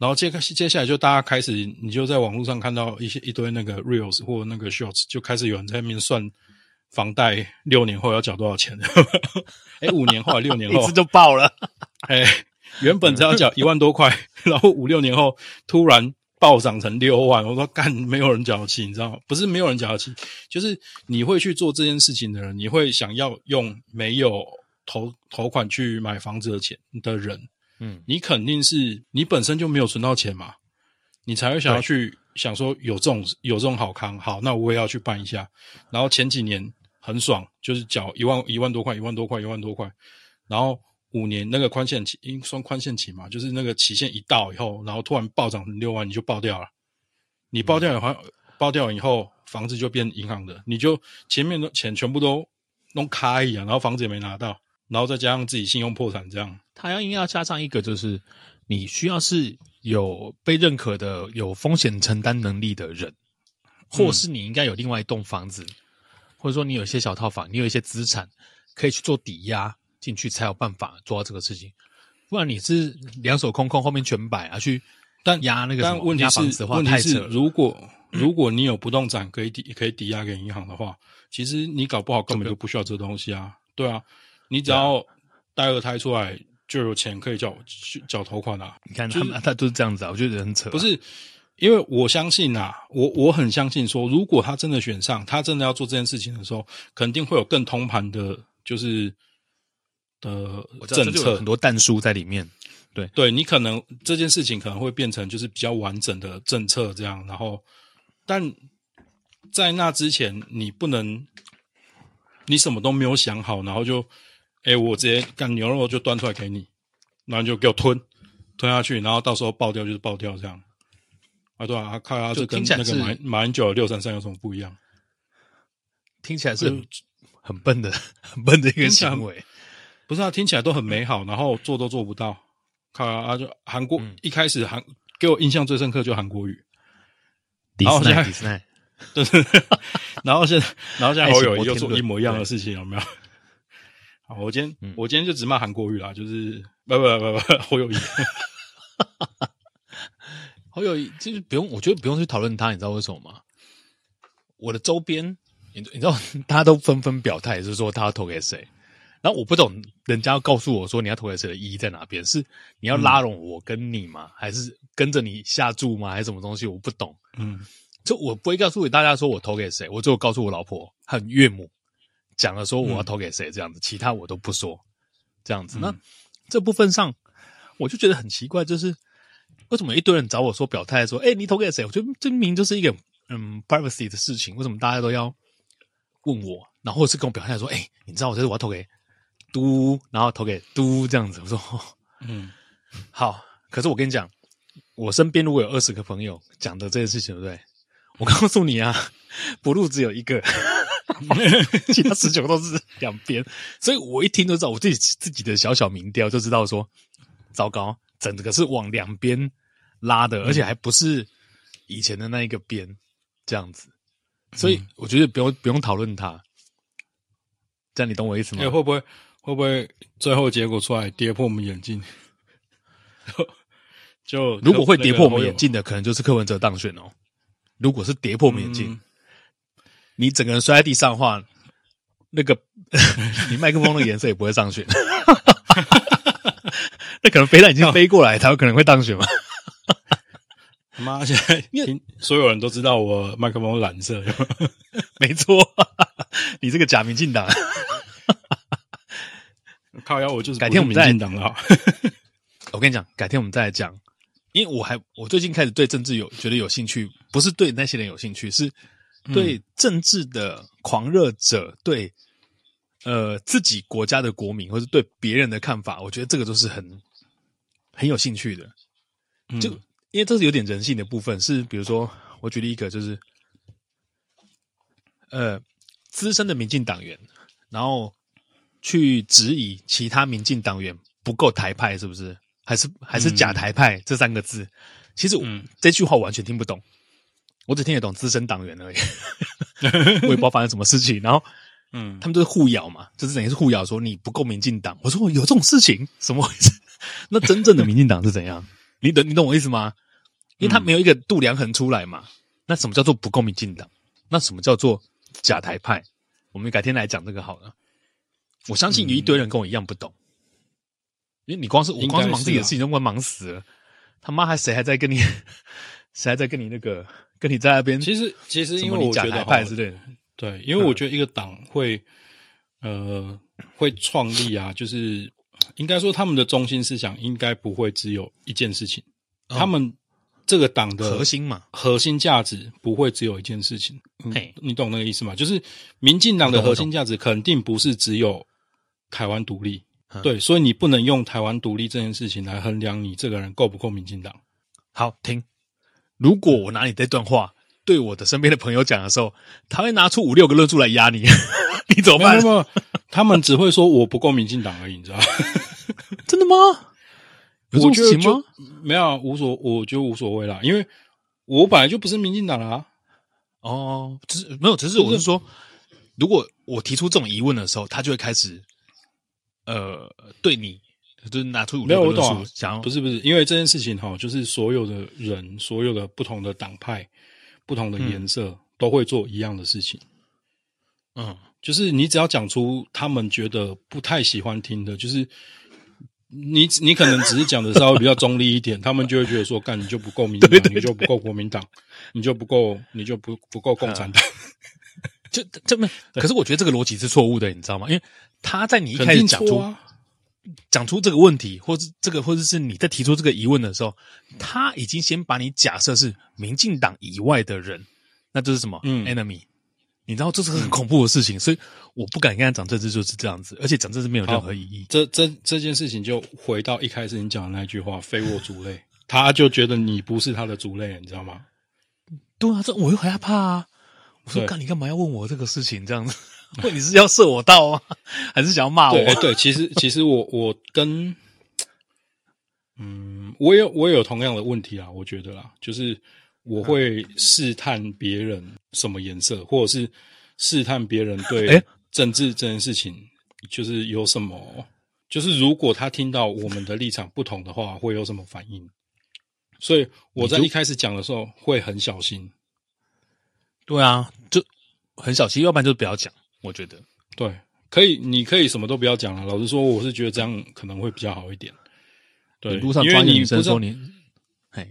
Speaker 2: 然後接接下來就大家開始，你就在網絡上看到一些一堆那個 reels 或那個 shorts，就開始有人在那邊算房貸六年後要繳多少錢。哎、 <laughs> 欸，
Speaker 1: 五年後、六年後 <laughs> 一次就
Speaker 2: 爆了。哎、欸。原本只要繳一萬多塊， <laughs> 然後五六年後突然暴漲成六萬，我說幹沒有人繳得起，你知道嗎？不是沒有人繳得起，就是你會去做這件事情的人，你會想要用沒有頭，頭款去買房子的錢的人，嗯，你肯定是你本身就沒有存到錢嘛，你才會想要去對想說有這種有這種好康，好，那我也要去辦一下。然後前幾年很爽，就是繳一萬一萬多塊，一萬多塊，一萬多塊，然後。五年那個寬限期，因為算寬限期嘛，就是那個期限一到以後，然後突然暴漲六萬，你就爆掉了。你爆掉的話，爆掉以後房子就變銀行的，你就前面的錢全部都弄開一樣，然後房子也沒拿到，然後再加上自己信用破產，這樣。
Speaker 1: 他要應該要加上一個，就是你需要是有被認可的、有風險承擔能力的人，
Speaker 2: 或是
Speaker 1: 你應該有另外一棟房子，嗯、或者說你有一些小套房，你有一些資產可以去做抵押。進去才有辦法做到這個事情，不然你是兩手空空，後面全擺啊去，但壓那個但，但問題是，押房子的話，
Speaker 2: 如果如果你有不動產可以抵可以抵押給銀行的話，其實你搞不好根本就不需要這東西啊。對啊，你只要貸二胎出來就有錢可以繳繳頭款啊。你看，就是，他他都是這樣子啊，我覺得很扯，啊。不是，因為我相信啊，我我很相信說，如果他真的選上，他真的要做這件事情的時候，肯定會有更通盤的，就是。的政策我有很
Speaker 1: 多但書在裡面，對
Speaker 2: 對，你可能這件事情可能會變成就是比較完整的政策這樣，然後但在那之前，你不能，你什麼都沒有想好，然後就哎，我直接乾牛肉就端出來給你，然後就給我吞吞下去，然後到時候爆掉就是爆掉這樣。啊對啊，看啊，這跟那個馬馬英九六三三有什麼不一樣？
Speaker 1: 聽起來是很是很笨的，很笨的一個行為。
Speaker 2: 不是啊，聽起來都很美好，然後做都做不到。啊，就韓國、嗯、一開始韓給我印象最深刻就韓國瑜，
Speaker 1: 迪士尼，迪士尼，
Speaker 2: 對。然後現然後現在侯友宜又做一模一樣的事情，有沒有？好，我今天、嗯、我今天就只罵韓國瑜啦，就是不，不不不不，侯友宜 <laughs> ，
Speaker 1: 侯友宜就是不用，我覺得不用去討論他，你知道為什麼嗎？我的周邊，你知道，他都紛紛表態，就是說他要投給誰。然後我不懂，人家要告訴我說你要投給誰的意義在哪邊？是你要拉攏我跟你嗎？嗯、還是跟着你下注嗎？還是什麼東西？我不懂。
Speaker 3: 嗯，
Speaker 1: 就我不會告訴給大家說我投給誰，我只有告訴我老婆和岳母講了說我要投給誰這樣子，嗯、其他我都不說。這樣子，嗯、那這部分上我就覺得很奇怪，就是為什麼一堆人找我說表態說，哎，你投給誰？我覺得這明明就是一個嗯 privacy 的事情，為什麼大家都要問我？然後是跟我表態說，哎，你知道我這是我要投給。嘟，Do, 然後投給嘟這樣子。我說，哦、嗯，好。可是我跟你講，我身邊如果有二十個朋友講的這些事情，對不對？我告訴你啊，不入只有一個，嗯、 <laughs> 其他十九個都是兩邊。所以我一聽就知道，我自己自己的小小民調就知道說，糟糕，整個是往兩邊拉的，嗯、而且還不是以前的那一個邊這樣子。所以我覺得不用、嗯、不用討論它。這樣你懂我意思嗎？會不會？會不會最後結果出來跌破我們眼鏡？
Speaker 2: <laughs> 就，如果會跌破我們眼鏡
Speaker 1: 的，可能就是柯文哲當選哦。如果是跌破我們眼鏡，你整個人摔在地上的話，那個 <laughs> 你麥克風的顏色也不會上選。那可能飛彈已經飛過來，他有可能會當選嘛
Speaker 2: 媽！ <laughs> 現在所有人都知道我麥克風藍
Speaker 1: 色 <laughs> <laughs> 沒錯錯笑，你這個假民進黨。好，我就是，是改天我們再講。了。 <laughs> 我跟你講，改天我們再來講，因為我還我最近開始對政治有覺得有興趣，不是對那些人有興趣，是對政治的狂熱者，嗯、對呃自己國家的國民，或是對別人的看法，我覺得這個都是很很有興趣的。嗯、就因為這是有點人性的部分，是比如說，我舉例一個就是呃資深的民進黨員，然後。去質疑其他民進黨員不夠台派是不是？還是還是假台派這三個字？嗯、其實我、嗯、這句話我完全聽不懂，我只聽得懂資深黨員而已。 <laughs> <laughs> <laughs> 我也不知道發生什麼事情。然後，嗯，他們都是互咬嘛，就是等於是互咬說你不夠民進黨。我說有這種事情，什麼回事？ <laughs> 那真正的民進黨是怎樣？ <laughs> 你懂你懂我意思嗎？因為他沒有一個度量衡出來嘛。嗯、那什麼叫做不夠民進黨？那什麼叫做假台派？我們改天來講這個好了。我相信有一堆人跟我一樣不懂，嗯、因為你光是你光是忙自己的事情，啊、都會忙死了。他媽還誰還在跟你， <laughs> 誰還在跟你那個，跟你在那邊？其實其實因為我覺得好派之類的，對，
Speaker 2: 因為我覺得一個黨會，呃，會創立啊，就是應該說他們的中心思想應該不會只有一件事情，嗯、他們。這個黨的核心嘛，核心價值不會只有一件事情。你懂那個意思嗎？就是民進黨的核心價值肯定不是只有台灣獨立。對，所以你不能用台灣獨立這件事情來衡量你這個人夠不夠
Speaker 1: 民進黨。好，停。如果我拿你這段話，對我的身邊的朋友講的時候，他會拿出五六個論述來壓你， <laughs> 你怎麼辦？沒那麼，他們只會說
Speaker 2: 我不夠民進黨而已，你知道
Speaker 1: 嗎？ <laughs> 真的嗎？
Speaker 2: 我覺得就沒有、啊、無所，我覺得無所謂啦。因為我本來就不是民進黨啦。哦，
Speaker 1: 只是，沒有，只是我是說，是如果我提出這種疑問的時候，他就會開始，呃，對你就是、拿出五六個論述沒有我懂、啊，講想要 不是不是，因為這件事
Speaker 2: 情哈，就是所有的人，所有的不同的黨派，不同的顏色、嗯、都會做一樣的事情。
Speaker 1: 嗯，
Speaker 2: 就是你只要講出他們覺得不太喜歡聽的，就是。你你可能只是講的稍微比較中立一點， <laughs> 他們就會覺得說，幹你就不夠民，你就不夠國民黨， <laughs> 你就不夠你就不不夠共
Speaker 1: 產黨， <laughs> 就這麼。對 可是我覺得這個邏輯是錯誤的，你知道嗎？因為他在你一開始講出講、啊、出這個問題，或者這個，或者是，是你在提出這個疑問的時候，他已經先把你假設是民進黨以外的人，那這是什麼？嗯，enemy。你知道這是個很恐怖的事情，所以我不敢跟他講政治就是這樣子，而且講政治沒有任何意
Speaker 2: 義。這這這件事情就回到一開始你講的那句話，“非我族類”， <laughs> 他就覺得你不是他的族類，你知道嗎？
Speaker 1: 對啊，這我又很害怕啊！我說，對幹你幹嘛要問我
Speaker 2: 這個事情？這樣子，
Speaker 1: 你是要射我道啊，還是想要罵我？對，對，
Speaker 2: 其實其實我 <laughs> 我跟，嗯，
Speaker 1: 我有我
Speaker 2: 也有同樣的問題啊，我覺得啦，就是。我會試探別人什麼顏色，或者是試探別人對政治這件事情，就是有什麼，就是如果他聽到我們的立場不同的話，會有什麼反應？所以我在一開始講的時候會很小心。對啊，就很小心，要不然就不要講。我覺得對，可以，你可以什麼都不要講了。老實說，我是覺得這樣可能會比較好一點。對，你路上專業醫生說你。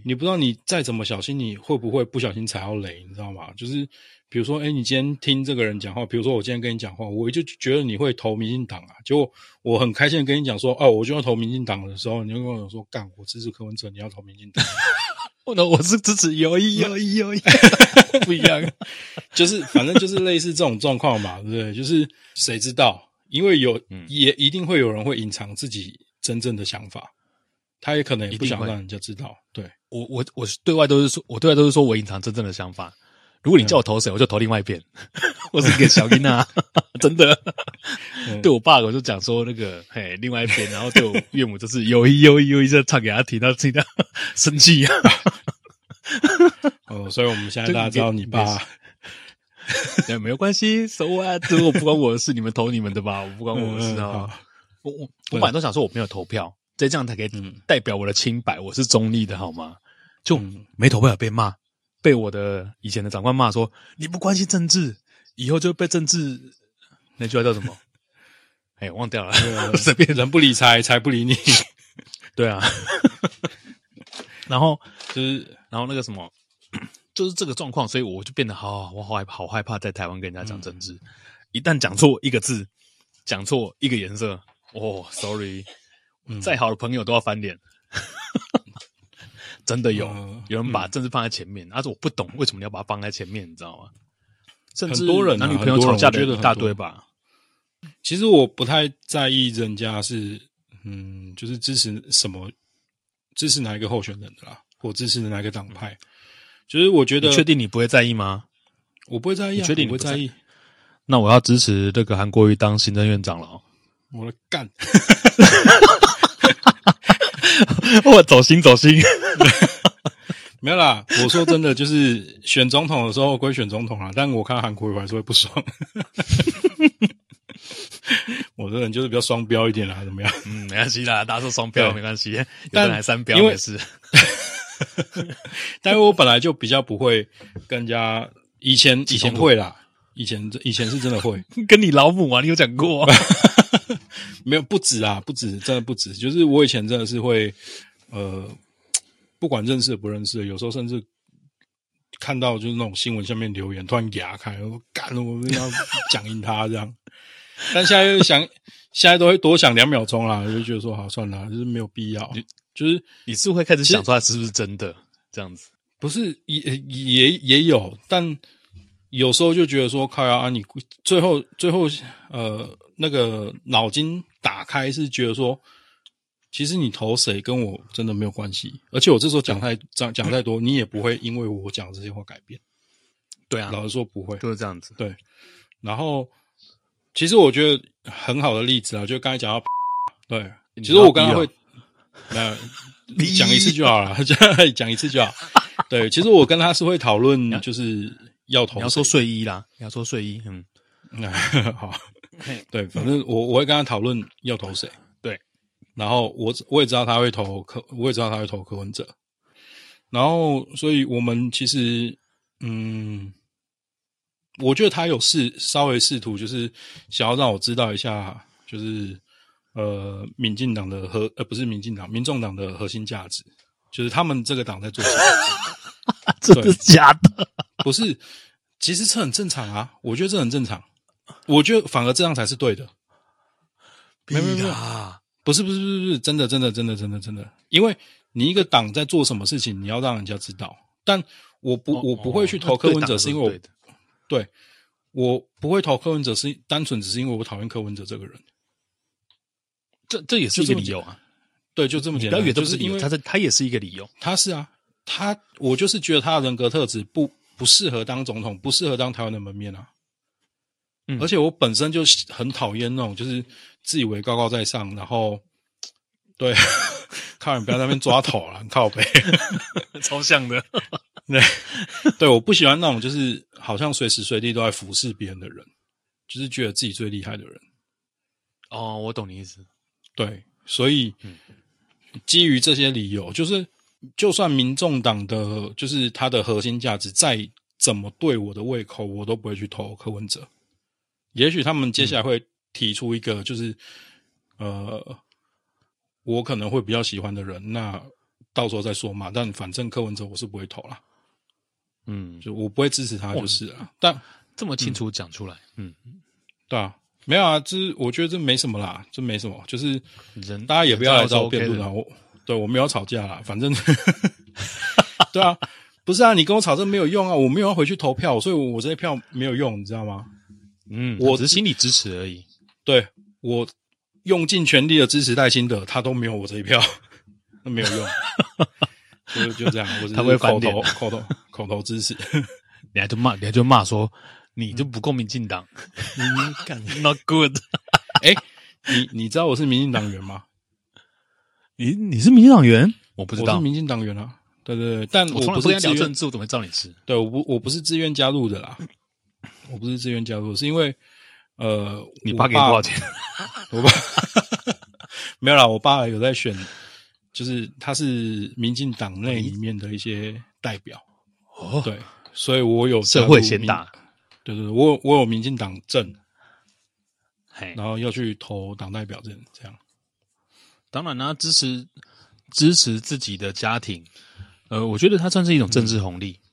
Speaker 2: 你不知道，你再怎麼小心，你會不會不小心踩到雷？你知道嗎？就是比如說，哎、欸，你今天聽這個人講話，比如說我今天跟你講話，我就覺得你會投民進黨啊。結果我很開心的跟你講說，哦、啊，我就要投民進黨的時候，你就跟我說，幹，我支持柯文哲，你要投民進黨，不能， <laughs> 我是支持有意有意有意，有意有意 <laughs> 不一樣， <laughs> 就是反正就是類似這種狀況嘛，對不對？就是誰知道？因為有
Speaker 1: 也一定會有人會隱藏自己真正的想法。他也可能也不想讓人家知道。對，我我我對外都是說，我對外都是說我隱藏真正的想法。如果你叫我投誰，我就投另外一邊。我是一個小伊娜，真的。對我爸，我就講說那個嘿，另外一邊。然後就岳母，就是有一有一有一，就唱給他聽，他自己的生氣啊。哦，所以我們現在大家知道你爸。對，沒有關係。So what，這不關我的事，你們投你們的吧，我不管我的事啊。我我我本來都想說我沒有投票。再這樣才可以代表我的清白，嗯、我是中立的，好嗎？就沒頭沒有被罵，被我的以前的長官罵說你不關心政治，以後就被政治那句話叫什麼？哎、 <laughs> 欸，忘掉了。 <laughs> 人不理財，財不理你。 <laughs> 對啊， <laughs> 然後就是，然後那個什麼，就是這個狀況，所以我就變得好，我好害怕，好害怕在台灣跟人家講政治，嗯、一旦講錯一個字，講錯一個顏色，哦，sorry。再好的朋友都要翻臉，真的有有人把政治放在前面。啊，這我不懂為什麼要把他放在前面，你知道嗎？甚至男女朋友吵架的。一大堆吧。其實我不太
Speaker 2: 在意人家是嗯，就是支持什麼支持哪一個候選人的啦，或支持哪一個黨派。就是我覺得，確定你不會在意嗎？我不會在意，確定你不會在意？
Speaker 1: 那我要支持這個韓國瑜當行政院長了。
Speaker 2: 我的幹。
Speaker 1: 我走心走心，
Speaker 2: <laughs> 沒有啦。我說真的，就是選總統的時候歸選總統啊，但我看韓國還是會不爽。 <laughs> <laughs> 我這人就是比較雙標一點啦，怎麼樣？
Speaker 1: 嗯，沒關係啦，大家說雙標對 沒關係，有人還三標也是。
Speaker 2: 但是因， <laughs> 我本來就比較不會更加。以前以前會啦，以前以前是真的會跟你老母啊，你有講過。 <laughs> 沒有不止啊，不止啦，不止真的不止。就是我以前真的是會，呃，不管認識的不認識的，有時候甚至看到就是那種新聞下面留言，突然給阿開，我幹，我們要講贏他這樣。 <laughs> 但現在又想，現在都會多想兩秒鐘啦，就覺得說好算了，就是沒有必要。你就是你是會開始想說就，他
Speaker 1: 是不是真的這樣子？
Speaker 2: 不是也也也有，但有時候就覺得說，靠要啊，你最後最後呃。那個腦筋打開是覺得說，其實你投誰跟我真的沒有關係，而且我這時候講太、嗯、講講太多，你也不會因為我講這些話改變，對啊，老實說不會，就是這樣子。對，然後其實我覺得很好的例子啊，就剛才講到，對，其實我剛剛會，你，有、呃、你講一次就好了，你 <laughs> <laughs> 講一次就好。對，其實我跟他是會討論，就是要投誰。你要，你要說睡衣啦，你
Speaker 1: 要說睡衣，嗯，嗯，呵
Speaker 2: 呵，好。 <laughs> 對，反正我我會跟他討論要投誰，對，然後我我也知道他會投柯，我也知道他會投柯文哲，然後所以我們其實，嗯，我覺得他有試稍微試圖，就是想要讓我知道一下，就是呃，民進黨的核呃，不是民進黨，民眾黨的核心價值，就是他們這個黨在做什麼？
Speaker 3: 這個 <laughs> 是假
Speaker 2: 的？不是，其實這很正常啊，我覺得這很正常。我覺得反而這樣才是對的，沒沒必、啊、沒，不是不是不是真的真的真的真的真的，因為你一個黨在做什麼事情，你要讓人家知道。但我不我不會去投柯文哲，哦，哦，是，是因為我對我不會投柯文哲，是單純只是因為我討厭柯文哲這個人。這這也是一個理由啊，對，就這麼簡單。別的都是，是因為他這，他也是一個理由，他是啊，他我就是覺得他的人格特質不不適合當總統，不適合當台灣的門面啊。而且我本身就很討厭那種就是自以為高高在上，然後對，呵呵靠你不要在那邊抓頭了， <laughs> 靠北，抽象的，對對，我不喜歡那種就是好像隨時隨地都在俯視別人的人，就是覺得自己最厲害的人。哦，我懂你意思。對，所以基於這些理由，就是就算民眾黨的就是他的核心價值再怎麼對我的胃口，我都不會去投柯文哲。也許他們接下來會提出一個，就是、嗯、呃，我可能會比較喜歡的人，那到時候再說嘛。但反正柯文哲我是不會投啦，嗯，就我不會支持他，就是了，哇但這麼清楚講
Speaker 1: 出來，嗯，嗯
Speaker 2: 對啊，沒有啊，這、就是、我覺得這沒什麼啦，這沒什麼，就是
Speaker 1: 人。大家也不要來找我辯論、OK，
Speaker 2: 對，我沒有吵架啦，反正， <laughs> 對啊，不是啊，你跟我吵這沒有用啊，我沒有要回去投票，所以我，我這些票沒有用，你知道嗎？嗯，我只是心理支持而已。對，我用盡全力的支持戴興的，他都沒有我這一票，那沒有用。就就這樣，他會口頭、口頭、口頭支持。
Speaker 1: 你還就罵，你還就罵說你就不共民進黨，
Speaker 2: 你幹 not good。哎，你你知道我是民進黨員嗎？
Speaker 1: 你你是民進黨員。我不知道，我是
Speaker 2: 民進黨員啊，對對，但我從來不跟你聊政治，我怎麼會照你吃？對，我不我不是自願加入的啦。我不是自願加入，是因為，呃，你爸給多少錢？我爸 <laughs> <laughs> 沒有啦，我爸有在選，就是他是民進黨內裡面的一些代表。哦，對，所以我有社會賢達，對對對，我有我有民進黨證，嘿，然後要去投黨代表
Speaker 1: 證，這樣。當然啦，啊，支持支持自己的家庭，呃，我覺得它算是一種政治紅利。嗯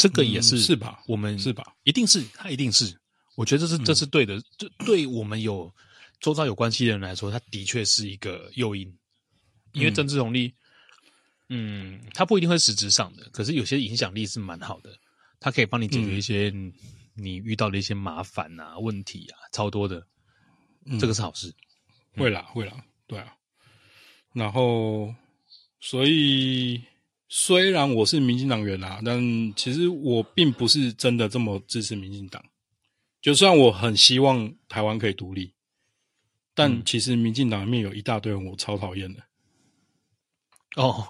Speaker 1: 這個也是、嗯、是吧？我們是吧？一定是他，一定是。我覺得這是、嗯、這是對的，對對我們有周遭有關係的人來說，他的確是一個誘因。因為政治紅利，嗯、嗯，他不一定會實質上的，可是有些影響力是蠻好的。他可以幫你解決一些、嗯、你遇到的一些麻煩啊、問題啊，超多的。這個是好事。嗯、
Speaker 2: 會啦，會啦，對啊。然後，所以。雖然我是民進黨員啦、啊，但其實我並不是真的這麼支持民進黨。就算我很希望台灣可以獨立，
Speaker 1: 但
Speaker 2: 其實民進黨裡面有一大堆人我超討厭的。哦，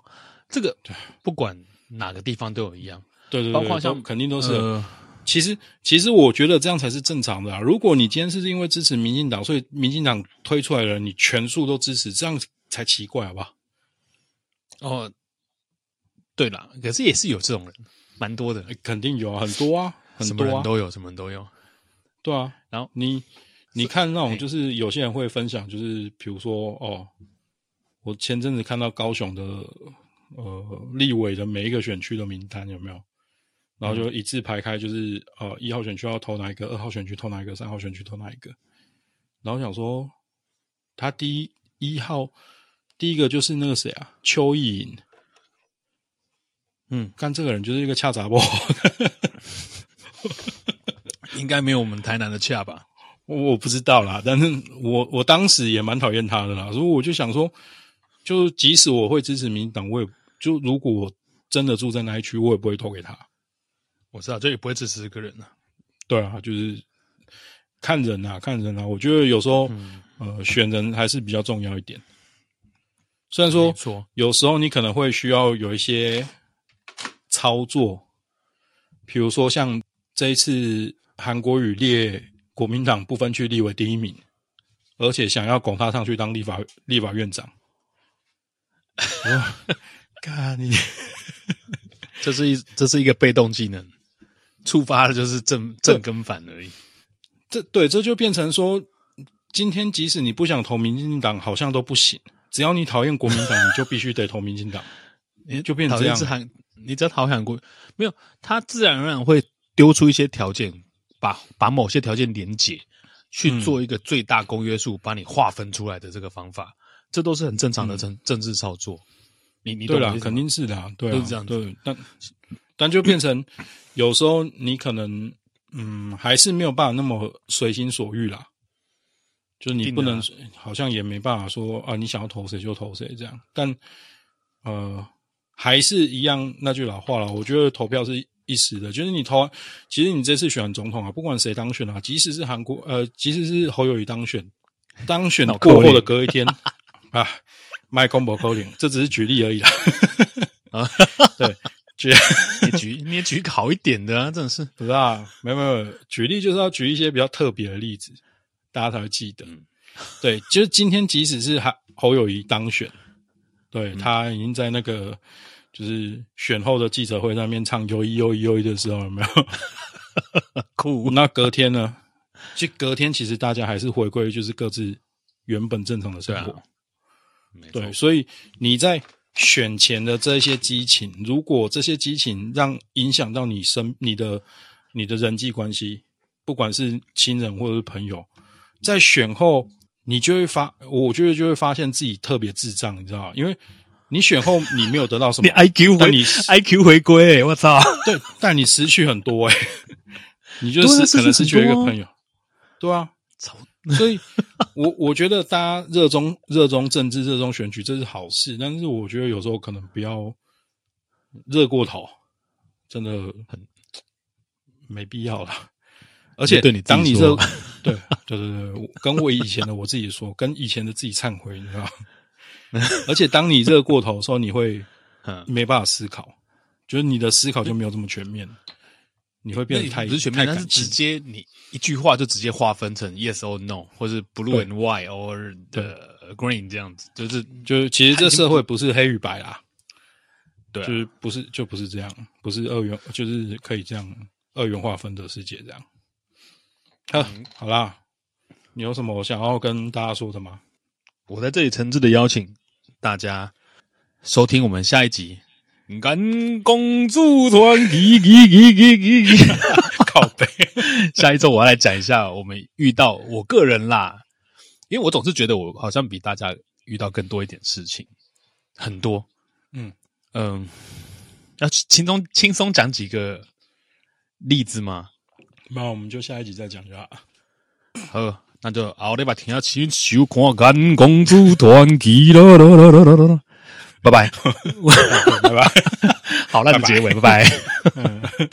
Speaker 2: 這個對不管哪個地方都有一樣，對，對對對，包括像肯定都是。呃、其實，其實我覺得這樣才是正常的、啊。如果你今天是因為支持民進黨，所以民進黨推出來的人你全數都支持，這樣才奇怪，好不好？哦。對啦，可是也是有這種人，蠻多的、欸，肯定有啊，很多啊，很多、啊、什麼人都有，什麼人都有。對啊，然後你以你看那種，就是有些人會分享，就是比如說哦，我前陣子看到高雄的呃立委的每一個選區的名單有沒有？然後就一字排開，就是、嗯、呃一號選區要投哪一個，二號選區投哪一個，三號選區投哪一個。然後我想說，他第一一號第一個就是那個誰啊，邱毅。嗯，看這個人就是一個恰雜波 <laughs> <laughs> 應該沒有我們台南的恰吧？我我不知道啦，但是我我當時也蠻討厭他的啦。所以我就想說，就即使我會支持民進黨，我也就如果我真的住在那一區，我也不會投給他。
Speaker 1: 我知道，這也不會支持這個人啦、
Speaker 2: 啊、對啊，就是看人啊，看人啊。我覺得有時候、嗯、呃，選人還是比較重要一點。雖然說，錯有時候你可能會需要有一些。操作，比如說像這一次韓國瑜列國民黨不分區立委第一名，而且想要拱他上去當立法立法院長。啊、 <laughs> 哦，幹你！這是一這是一個被動技能，觸發的就是正正跟反而已。對，這對這就變成說，今天即使你不想投民進黨，好像都不行。只要你討厭國民黨，你就必須得投民進黨， <laughs> 就變成這樣。
Speaker 1: 你在討好過沒有？他自然而然會丟出一些條件，把把某些條件連結，去做一個最大公約數，把你劃分出來的這個方法，這都是很正常的政政治操作。嗯、你你對了，肯定是的，
Speaker 2: 對、啊，就是這樣，對，但但就變成有時候你可能嗯，還是沒有辦法那麼隨心所欲啦，就是你不能，啊、好像也沒辦法說啊，你想要投誰就投誰這樣。但呃。還是一樣那句老話了，我覺得投票是一時的，就是你投，其實你這次選總統啊，不管誰當選啊，即使是韓國，呃，即使是侯友宜當選，當選過後的隔一天 <laughs> 啊，Coding，這只是舉例而已啦。 <laughs> 啊，對，舉你舉你也舉個好一點的，啊，真的是，不知道、啊，沒有沒有，舉例就是要舉一些比較特別的例子，大家才會記得。嗯、對，就是今天，即使是侯友宜當選，對、嗯、他已經在那個。就是選後的記者會在那邊唱“優一優一優一”的時候，有沒有 <laughs> 酷啊？那隔天呢？就隔天，其實大家還是回歸，就是各自原本正常的生活。對啊、對，錯所以你在選前的這些激情，如果這些激情讓影響到你生你的你的人際關係，不管是親人或者是朋友，在選後你就會發，我覺得就會發現自己特別智障，你知道嗎？因為你選後，你沒有得到什麼？你 IQ 回你 IQ 回你 IQ 回歸，我操！對，但你失去很多誒、欸、你就是可能失去一個朋友，對啊，啊對啊。所以，我我覺得大家熱衷熱衷政治、熱衷選舉，這是好事。但是，我覺得有時候可能不要熱過頭，真的很沒必要了。而且，對你，當你熱，對，對是跟我以前的我自己說，跟以前的自己懺悔，你知道。 <laughs> 而且，當你熱過頭的時候，你會沒辦法思考，就是你的思考就沒有這麼全面，你會變得太不是全面，但是直
Speaker 1: 接你一句話就直接劃分成 yes or no，或是 blue 對 and white or the green 這樣子，對 就是就是其實這社會不是黑與白啦，
Speaker 2: 對太，就是不是就不是這樣，不是二元，就是可以這樣二元劃分的世界這樣。好，嗯、好啦，你有什麼想要跟大家說的嗎？
Speaker 1: 我在這裡誠摯的邀請。大家收聽我們下一集《干公主團體。》 <music> 靠北， <laughs> 下一周我要來講一下我們遇到我個人啦，因為我總是覺得我好像比大家遇到更多一點事情，很多。嗯嗯，要輕鬆輕鬆講幾個例子嗎？
Speaker 2: 那我們就下一集再講一下。好。 <coughs>
Speaker 1: 那就奧利給吧！聽清收看《公主傳奇》了，拜拜，拜
Speaker 2: 拜
Speaker 3: <laughs>
Speaker 1: 呵，好， <laughs> 那就結尾，拜拜。